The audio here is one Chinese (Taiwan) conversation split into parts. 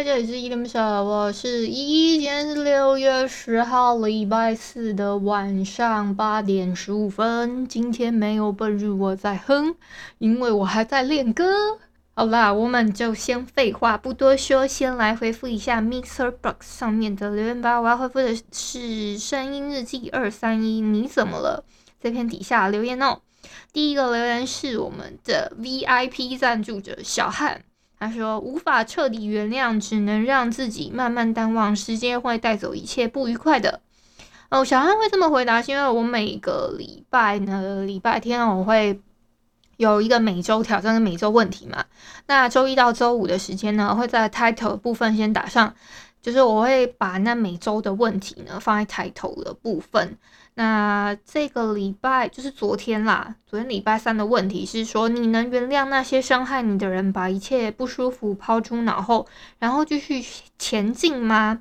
大家好，這裡是依依戀不捨，我是依依，今天是六月十號，禮拜四的晚上八點十五分。今天沒有本日，我在哼，因為我還在練歌。好啦，我們就先廢話不多說，先來回復一下 MixerBox 上面的留言吧。我要回復的是《聲音日記》二三一，你怎麼了？這篇底下留言哦。第一個留言是我們的 VIP 贊助者小漢。他說：“無法徹底原諒，只能讓自己慢慢淡忘。時間會帶走一切不愉快的。”哦，小安會這麼回答，是因為我每個禮拜呢，禮拜天我會有一個每週挑戰的每週問題嘛。那周一到周五的時間呢，會在 title 的部分先打上，就是我會把那每周的問題呢放在 title 的部分。那這個禮拜就是昨天啦，昨天禮拜三的問題是說，你能原諒那些傷害你的人，把一切不舒服拋諸腦後，然後繼續前進嗎？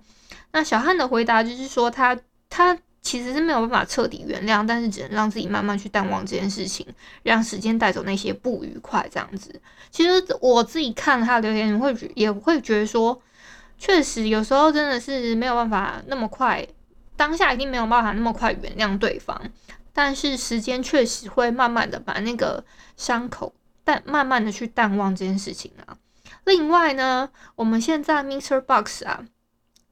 那小漢的回答就是說他，他他其實是沒有辦法徹底原諒，但是只能讓自己慢慢去淡忘這件事情，讓時間帶走那些不愉快。這樣子，其實我自己看他的留言，你會覺也會覺得說，確實有時候真的是沒有辦法那麼快。當下已經沒有辦法那麼快原諒對方，但是時間確實會慢慢的把那個傷口淡，慢慢的去淡忘這件事情啊。另外呢，我們現在 MixerBox 啊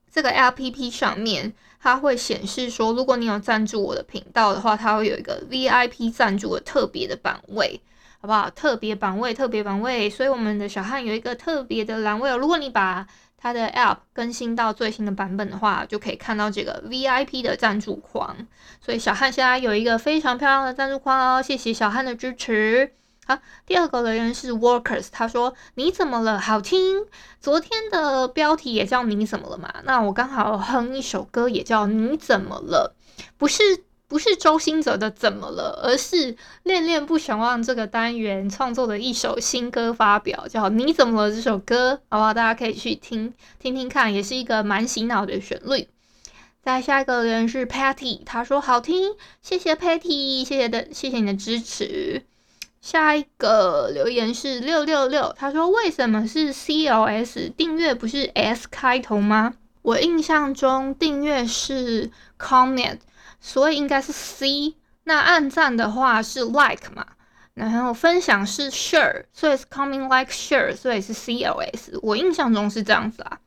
這個 APP 上面，它會顯示說，如果你有贊助我的頻道的話，它會有一個 VIP 贊助的特別的版位，好不好？特別版位，特別版位，所以我們的小漢有一個特別的欄位哦、喔。如果你把他的 App 更新到最新的版本的話，就可以看到這個 VIP 的贊助框。所以小漢現在有一個非常漂亮的贊助框哦，謝謝小漢的支持。好，第二個留言是 Workers，他說：“你怎麼了？好聽。昨天的標題也叫你怎麼了嘛？那我剛好哼一首歌也叫你怎麼了，不是？”不是周興哲的怎麼了，而是《戀戀不想忘》這個單元創作的一首新歌發表，叫《你怎麼了》這首歌，好不好？大家可以去聽聽聽看，也是一個蠻洗腦的旋律。再下一個留言是 Patty，他說好聽，謝謝 Patty，謝謝的，謝謝你的支持。下一個留言是六六六，他說為什麼是 CLS 訂閱不是 S 開頭嗎？我印象中訂閱是 comment，所以應該是 C。那按讚的話是 like 嘛，然後分享是 share，所以是 coming like share，所以是 CLS。我印象中是這樣子啊。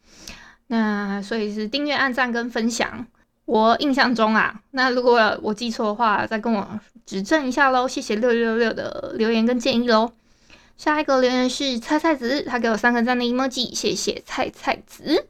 那所以是訂閱、按讚跟分享。我印象中啊，那如果我記錯的話，再跟我指正一下嘍。謝謝六六六的留言跟建議嘍。下一個留言是菜菜子，他給我三個讚的 emoji，謝謝菜菜子。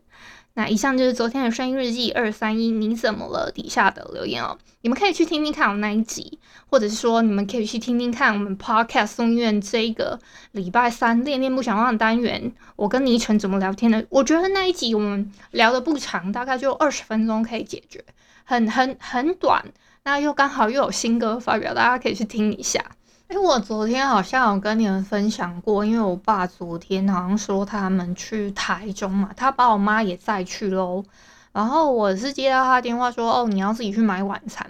那以上就是昨天的聲音日記二三一，你怎麼了？底下的留言哦，你們可以去聽聽看我那一集，或者是說你們可以去聽聽看我們 Podcast 眾議院這個禮拜三戀戀不想忘的單元，我跟倪晨怎麼聊天的？我覺得那一集我們聊的不長，大概就二十分鐘可以解決，很很很短。那又剛好又有新歌發表，大家可以去聽一下。哎、欸，我昨天好像有跟你們分享過，因為我爸昨天好像說他們去台中嘛，他把我媽也載去嘍。然後我是接到他電話說，哦，你要自己去買晚餐。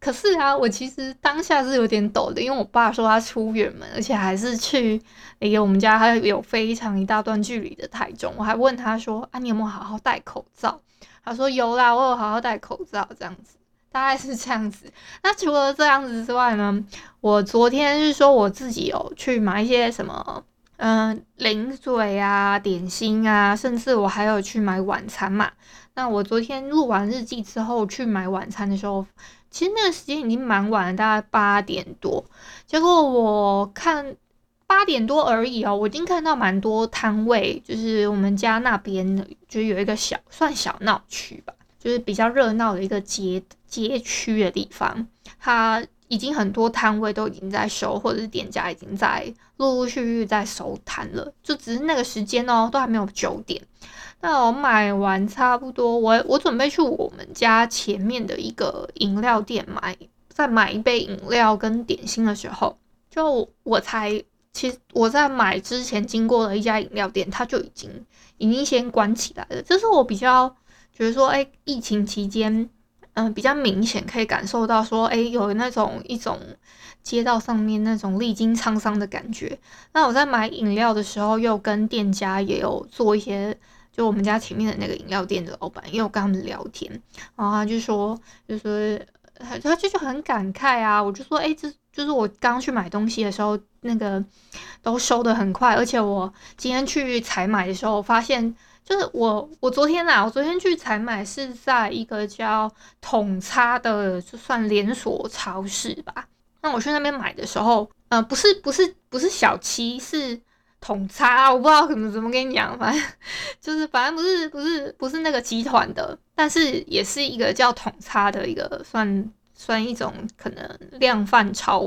可是啊，我其實當下是有點抖的，因為我爸說他出遠門，而且還是去離、欸、我們家還有非常一大段距離的台中。我還問他說，啊，你有沒有好好戴口罩？他說有啦，我有好好戴口罩這樣子。大概是這樣子。那除了這樣子之外呢，我昨天是說我自己有去買一些什麼，嗯、呃，零嘴啊、點心啊，甚至我還有去買晚餐嘛。那我昨天錄完日記之後去買晚餐的時候，其實那個時間已經蠻晚了，大概八點多。結果我看八點多而已哦、喔，我已經看到蠻多攤位，就是我們家那邊的就有一個小算小鬧區吧。就是比較熱鬧的一個街街區的地方，它已經很多攤位都已經在收，或者是店家已經在陸陸續續在收攤了。就只是那個時間哦、喔，都還沒有九點。那我買完差不多，我我準備去我們家前面的一個飲料店買，再買一杯飲料跟點心的時候，就我才其實我在買之前經過了一家飲料店，它就已經已經先關起來了。這是我比較。比如說，哎，疫情期間，嗯，比較明顯可以感受到，說，哎，有那種一種街道上面那種歷經滄桑的感覺。那我在買飲料的時候，又跟店家也有做一些，就我們家前面的那個飲料店的老闆，因為我跟他們聊天，然後他就說，就是他他就很感慨啊。我就說，哎，這就是我剛去買東西的時候，那個都收得很快，而且我今天去採買的時候，發現。就是我，我昨天啊，我昨天去採買是在一個叫統差的，就算連鎖超市吧。那我去那邊買的時候，嗯、呃，不是，不是，不是小七，是統差，我不知道怎麼怎麼跟你講，反正就是反正不是不是不是那個集團的，但是也是一個叫統差的一個算。算一種可能量販超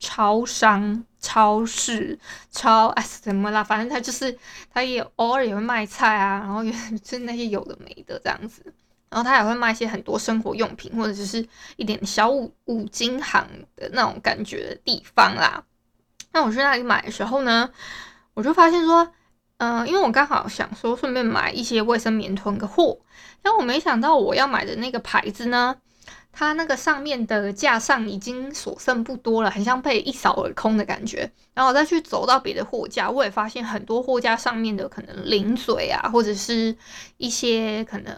超商超市超，哎、什麼啦？反正他就是他也偶爾也會賣菜啊，然後也是那些有的沒的這樣子，然後他也會賣一些很多生活用品，或者只是一點小五、五金行的那種感覺的地方啦。那我去那裡買的時候呢，我就發現說，嗯、呃，因為我剛好想說順便買一些衛生棉囤個貨，但我沒想到我要買的那個牌子呢。它那個上面的架上已經所剩不多了，很像被一掃而空的感覺。然後再去走到別的貨架，我也發現很多貨架上面的可能零嘴啊，或者是一些可能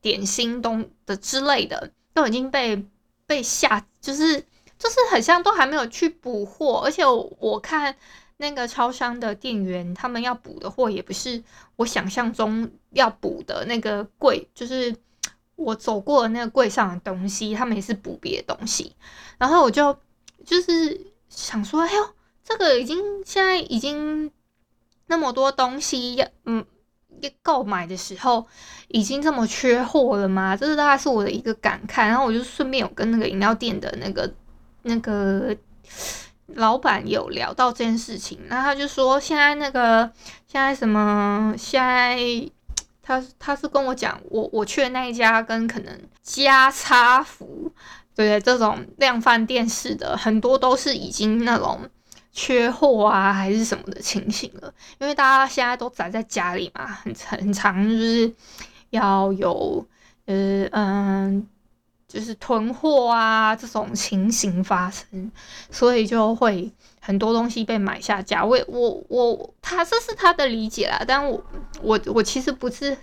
點心東的之類的，都已經被被嚇，就是就是很像都還沒有去補貨。而且我，我看那個超商的店員，他們要補的貨也不是我想象中要補的那個櫃，就是。我走過的那個櫃上的東西，他們也是補別的東西。然後我就就是想說，哎呦，這個已經現在已經那麼多東西要嗯購買的時候，已經這麼缺貨了嗎？這是大概是我的一個感慨。然後我就順便有跟那個飲料店的那個那個老板有聊到這件事情。然後他就說，現在那個現在什麼現在。他他是跟我講，我我去的那一家跟可能家樂福，對，這種量販店式的，很多都是已經那種缺貨啊，還是什麼的情形了。因為大家現在都宅在家裡嘛，很很常就是要有、就，呃、是，嗯。就是囤貨啊，這種情形發生，所以就會很多東西被買下架。我我我他這是他的理解啦，但我我我其實不是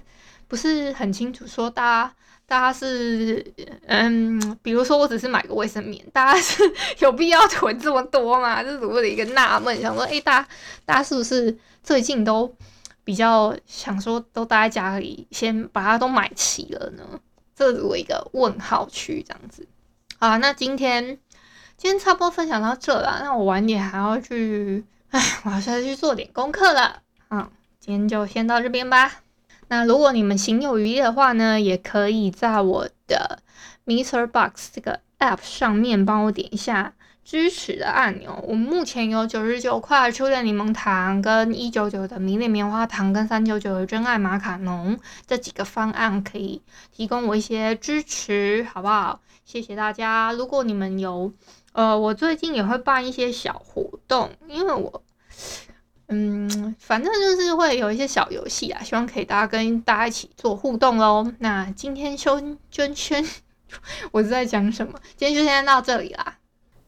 不是很清楚，說大家大家是嗯，比如說我只是買個衛生棉，大家是有必要囤這麼多嗎？這是我的一個納悶，想說誒、欸，大家大家是不是最近都比較想說都待在家裡，先把它都買齊了呢？這是我一個問號區，這樣子。好，那今天今天差不多分享到這了。那我晚點還要去，哎，我還是要去做點功課了。好、嗯，今天就先到這邊吧。那如果你們心有餘力的話呢，也可以在我的 MixerBox 這個 App 上面幫我點一下。支持的按鈕，我們目前有九十九塊初戀檸檬糖，跟一九九的迷戀棉花糖，跟三九九的真愛馬卡龍這幾個方案，可以提供我一些支持，好不好？謝謝大家。如果你們有，呃，我最近也會辦一些小活動，因為我，嗯，反正就是會有一些小遊戲啊，希望可以大家跟大家一起做互動咯。那今天先圈圈，我是在講什麼？今天就先到這裡啦。